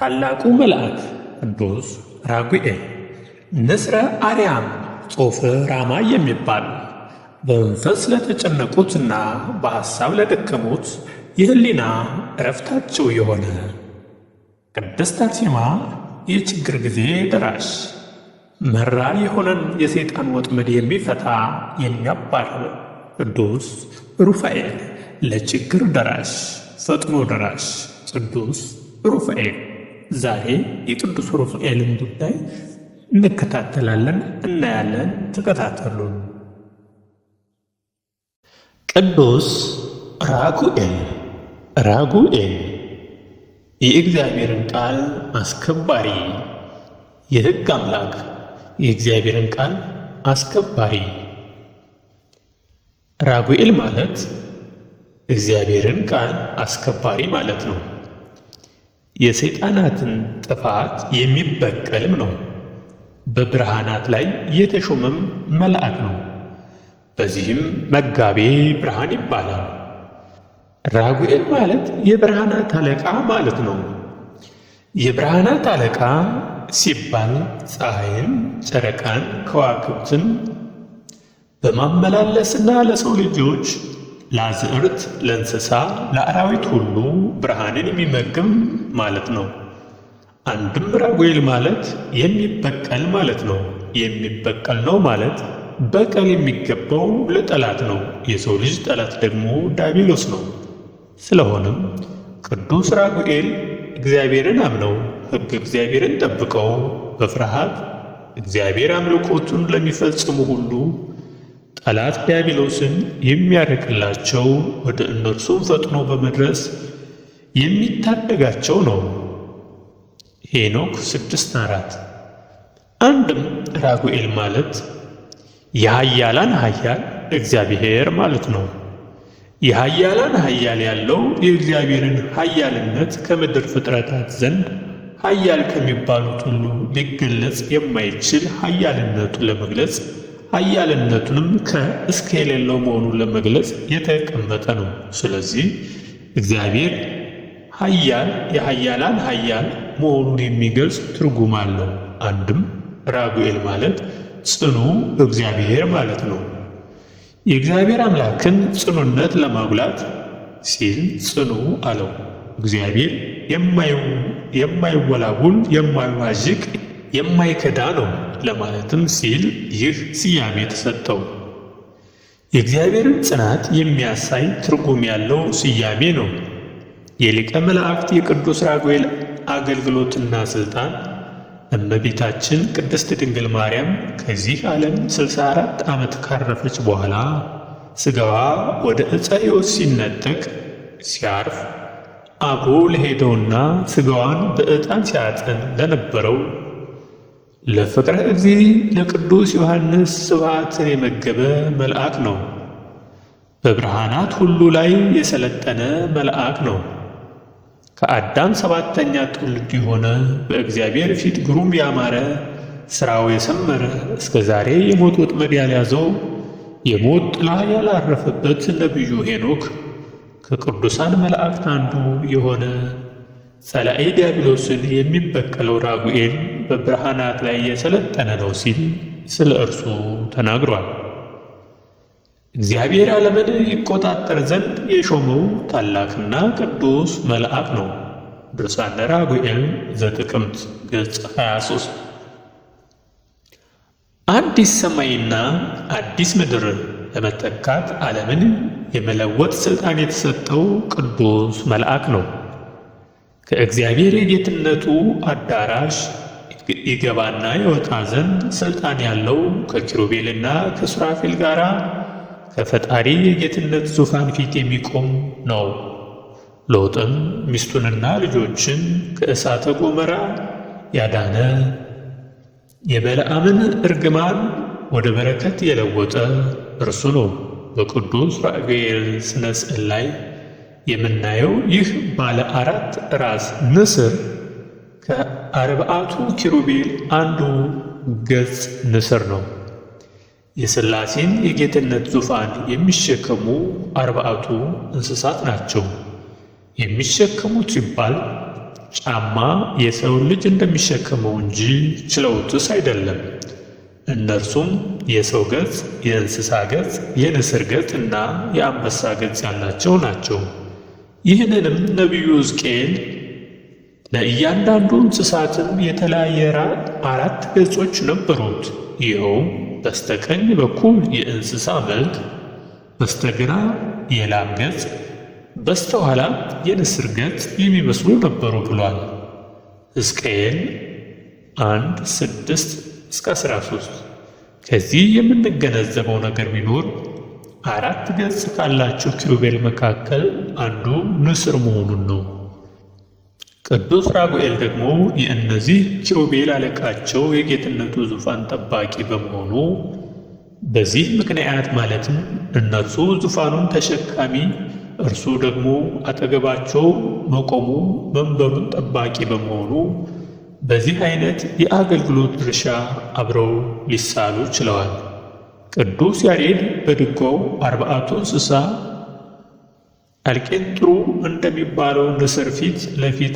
ታላቁ መልአክ ቅዱስ ራጉኤል ንስረ አርያም ጾፍ ራማ የሚባል በመንፈስ ለተጨነቁትና በሐሳብ ለደከሙት የህሊና እረፍታቸው የሆነ ቅድስት አርሴማ የችግር ጊዜ ደራሽ መራር የሆነን የሰይጣን ወጥመድ የሚፈታ የሚያባርር ቅዱስ ሩፋኤል ለችግር ደራሽ ፈጥኖ ደራሽ ቅዱስ ሩፋኤል ዛሬ የቅዱስ ሩፋኤልን ጉዳይ እንከታተላለን፣ እናያለን። ተከታተሉ። ቅዱስ ራጉኤል ራጉኤል የእግዚአብሔርን ቃል አስከባሪ፣ የሕግ አምላክ የእግዚአብሔርን ቃል አስከባሪ። ራጉኤል ማለት እግዚአብሔርን ቃል አስከባሪ ማለት ነው። የሰይጣናትን ጥፋት የሚበቀልም ነው። በብርሃናት ላይ የተሾመም መልአክ ነው። በዚህም መጋቤ ብርሃን ይባላል። ራጉኤል ማለት የብርሃናት አለቃ ማለት ነው። የብርሃናት አለቃ ሲባል ፀሐይን፣ ጨረቃን፣ ከዋክብትን በማመላለስና ለሰው ልጆች ለአዝዕርት፣ ለእንስሳ፣ ለአራዊት ሁሉ ብርሃንን የሚመግብ ማለት ነው። አንድም ራጉኤል ማለት የሚበቀል ማለት ነው። የሚበቀል ነው ማለት በቀል የሚገባው ለጠላት ነው። የሰው ልጅ ጠላት ደግሞ ዳቢሎስ ነው። ስለሆነም ቅዱስ ራጉኤል እግዚአብሔርን አምነው ሕግ እግዚአብሔርን ጠብቀው በፍርሃት እግዚአብሔር አምልኮቱን ለሚፈጽሙ ሁሉ ጠላት ዲያብሎስን የሚያርቅላቸው ወደ እነርሱም ፈጥኖ በመድረስ የሚታደጋቸው ነው። ሄኖክ 6፥4 አንድም ራጉኤል ማለት የሀያላን ሀያል እግዚአብሔር ማለት ነው። የሀያላን ሀያል ያለው የእግዚአብሔርን ሀያልነት ከምድር ፍጥረታት ዘንድ ሀያል ከሚባሉት ሁሉ ሊገለጽ የማይችል ሀያልነቱን ለመግለጽ ኃያልነቱንም ከእስከ የሌለው መሆኑን ለመግለጽ የተቀመጠ ነው። ስለዚህ እግዚአብሔር ኃያል የኃያላን ኃያል መሆኑን የሚገልጽ ትርጉም አለው። አንድም ራጉኤል ማለት ጽኑ እግዚአብሔር ማለት ነው። የእግዚአብሔር አምላክን ጽኑነት ለማጉላት ሲል ጽኑ አለው። እግዚአብሔር የማይወላውል የማይዋዥቅ የማይከዳ ነው ለማለትም ሲል ይህ ስያሜ ተሰጠው። የእግዚአብሔርን ጽናት የሚያሳይ ትርጉም ያለው ስያሜ ነው። የሊቀ መላእክት የቅዱስ ራጉኤል አገልግሎትና ሥልጣን እመቤታችን ቅድስት ድንግል ማርያም ከዚህ ዓለም 64 ዓመት ካረፈች በኋላ ሥጋዋ ወደ ዕፀ ሕይወት ሲነጠቅ ሲያርፍ አብሮ ለሄደውና ሥጋዋን በዕጣን ሲያጥን ለነበረው ለፍቅረ እግዚ ለቅዱስ ዮሐንስ ስብዓትን የመገበ መልአክ ነው። በብርሃናት ሁሉ ላይ የሰለጠነ መልአክ ነው። ከአዳም ሰባተኛ ትውልድ የሆነ በእግዚአብሔር ፊት ግሩም ያማረ ሥራው የሰመረ እስከ ዛሬ የሞት ወጥመድ ያልያዘው የሞት ጥላ ያላረፈበት ነቢዩ ሄኖክ ከቅዱሳን መላእክት አንዱ የሆነ ጸላኤ ዲያብሎስን የሚበቀለው ራጉኤል በብርሃናት ላይ የሰለጠነ ነው ሲል ስለ እርሱ ተናግሯል። እግዚአብሔር ዓለምን ይቆጣጠር ዘንድ የሾመው ታላቅና ቅዱስ መልአክ ነው። ድርሳነ ራጉኤል ዘጥቅምት ገጽ 23 አዲስ ሰማይና አዲስ ምድር ለመተካት ዓለምን የመለወጥ ሥልጣን የተሰጠው ቅዱስ መልአክ ነው። ከእግዚአብሔር የጌትነቱ አዳራሽ ይገባና የወጣ ዘንድ ሥልጣን ያለው ከኪሩቤልና ከሱራፌል ጋር ከፈጣሪ የጌትነት ዙፋን ፊት የሚቆም ነው። ሎጥም ሚስቱንና ልጆችን ከእሳተ ጎመራ ያዳነ የበለዓምን እርግማን ወደ በረከት የለወጠ እርሱ ነው። በቅዱስ ራጉኤል ስነ ሥዕል ላይ የምናየው ይህ ባለ አራት ራስ ንስር ከአርባዕቱ ኪሩቤል አንዱ ገጽ ንስር ነው። የሥላሴን የጌትነት ዙፋን የሚሸከሙ አርባዕቱ እንስሳት ናቸው። የሚሸከሙት ሲባል ጫማ የሰው ልጅ እንደሚሸከመው እንጂ ችለውትስ አይደለም። እነርሱም የሰው ገጽ፣ የእንስሳ ገጽ፣ የንስር ገጽ እና የአንበሳ ገጽ ያላቸው ናቸው። ይህንንም ነቢዩ ሕዝቅኤል ለእያንዳንዱ እንስሳትም የተለያየ አራት ገጾች ነበሩት። ይኸውም በስተቀኝ በኩል የእንስሳ መልክ፣ በስተግራ የላም ገጽ፣ በስተኋላ የንስር ገጽ የሚመስሉ ነበሩ ብሏል። ሕዝቅኤል አንድ ስድስት እስከ 13 ሶስት ከዚህ የምንገነዘበው ነገር ቢኖር አራት ገጽ ካላቸው ኪሩቤል መካከል አንዱ ንስር መሆኑን ነው። ቅዱስ ራጉኤል ደግሞ የእነዚህ ኪሩቤል አለቃቸው የጌትነቱ ዙፋን ጠባቂ በመሆኑ በዚህ ምክንያት ማለትም እነርሱ ዙፋኑን ተሸካሚ እርሱ ደግሞ አጠገባቸው መቆሙ መንበሩን ጠባቂ በመሆኑ በዚህ አይነት የአገልግሎት ድርሻ አብረው ሊሳሉ ችለዋል። ቅዱስ ያሬድ በድጓው አርባዕቱ እንስሳ አልቄንጥሩ እንደሚባለው ንስር ፊት ለፊት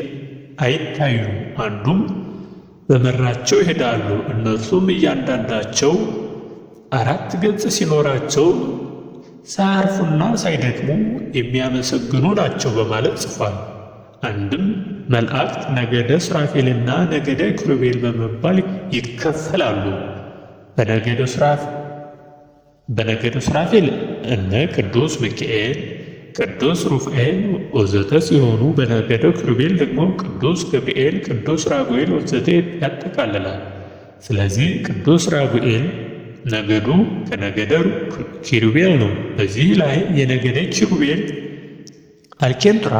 አይታዩም፣ አንዱም በመራቸው ይሄዳሉ። እነርሱም እያንዳንዳቸው አራት ገጽ ሲኖራቸው ሳያርፉና ሳይደክሙ የሚያመሰግኑ ናቸው በማለት ጽፏል። አንድም መላእክት ነገደ ሱራፌልና ነገደ ክሩቤል በመባል ይከፈላሉ። በነገደ ሱራፌል በነገደ ሱራፌል እነ ቅዱስ ሚካኤል፣ ቅዱስ ሩፋኤል ወዘተ ሲሆኑ በነገደ ኪሩቤል ደግሞ ቅዱስ ገብርኤል፣ ቅዱስ ራጉኤል ወዘተ ያጠቃልላል። ስለዚህ ቅዱስ ራጉኤል ነገዱ ከነገደ ኪሩቤል ነው። በዚህ ላይ የነገደ ኪሩቤል አልኬንቱራ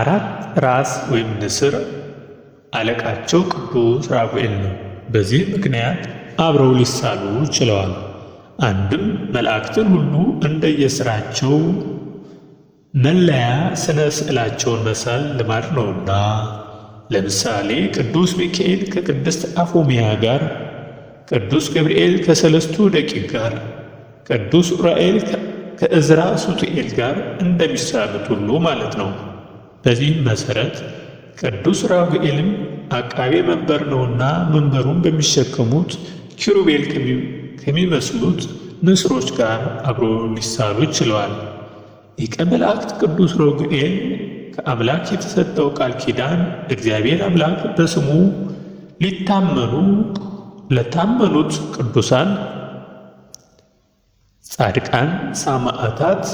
አራት ራስ ወይም ንስር አለቃቸው ቅዱስ ራጉኤል ነው። በዚህ ምክንያት አብረው ሊሳሉ ችለዋል። አንድም መላእክትን ሁሉ እንደየስራቸው መለያ ስነ ስዕላቸውን መሳል ልማድ ነውና፣ ለምሳሌ ቅዱስ ሚካኤል ከቅድስት አፎሚያ ጋር፣ ቅዱስ ገብርኤል ከሰለስቱ ደቂቅ ጋር፣ ቅዱስ ዑራኤል ከእዝራ ሱቱኤል ጋር እንደሚሳሉት ሁሉ ማለት ነው። በዚህም መሠረት ቅዱስ ራጉኤልም አቃቤ መንበር ነውና መንበሩን በሚሸከሙት ኪሩቤል ከሚመስሉት ንስሮች ጋር አብሮ ሊሳሉ ችለዋል። ሊቀ መላእክት ቅዱስ ሮግኤል ከአምላክ የተሰጠው ቃል ኪዳን እግዚአብሔር አምላክ በስሙ ሊታመኑ ለታመኑት ቅዱሳን ጻድቃን፣ ሰማዕታት፣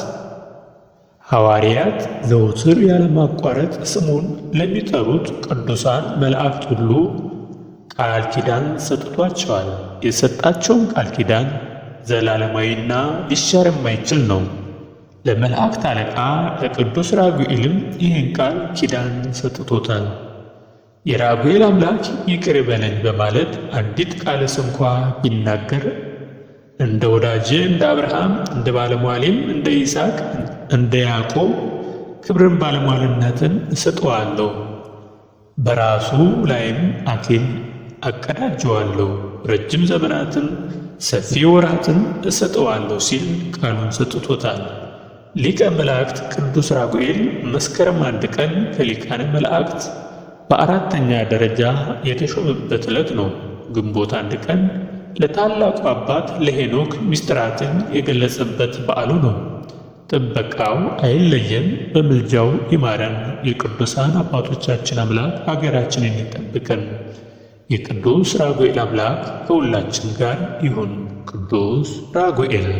ሐዋርያት ዘውትር ያለማቋረጥ ስሙን ለሚጠሩት ቅዱሳን መላእክት ሁሉ ቃል ኪዳን ሰጥቷቸዋል። የሰጣቸውም ቃል ኪዳን ዘላለማዊና ሊሻር የማይችል ነው። ለመላእክት አለቃ ለቅዱስ ራጉኤልም ይህን ቃል ኪዳን ሰጥቶታል። የራጉኤል አምላክ ይቅር በለኝ በማለት አንዲት ቃለ ስንኳ ቢናገር እንደ ወዳጄ እንደ አብርሃም እንደ ባለሟሌም እንደ ይስሐቅ እንደ ያዕቆብ ክብርን ባለሟልነትን እሰጠዋለሁ በራሱ ላይም አኪል አቀዳጀዋለሁ፣ ረጅም ዘመናትን ሰፊ ወራትን እሰጠዋለሁ ሲል ቃሉን ሰጥቶታል። ሊቀ መላእክት ቅዱስ ራጉኤል መስከረም አንድ ቀን ከሊቃነ መላእክት በአራተኛ ደረጃ የተሾመበት ዕለት ነው። ግንቦት አንድ ቀን ለታላቁ አባት ለሄኖክ ምስጢራትን የገለጸበት በዓሉ ነው። ጥበቃው አይለየን፣ በምልጃው ይማረን። የቅዱሳን አባቶቻችን አምላክ አገራችንን ይጠብቀን። የቅዱስ ራጉኤል አምላክ ከሁላችን ጋር ይሁን። ቅዱስ ራጉኤል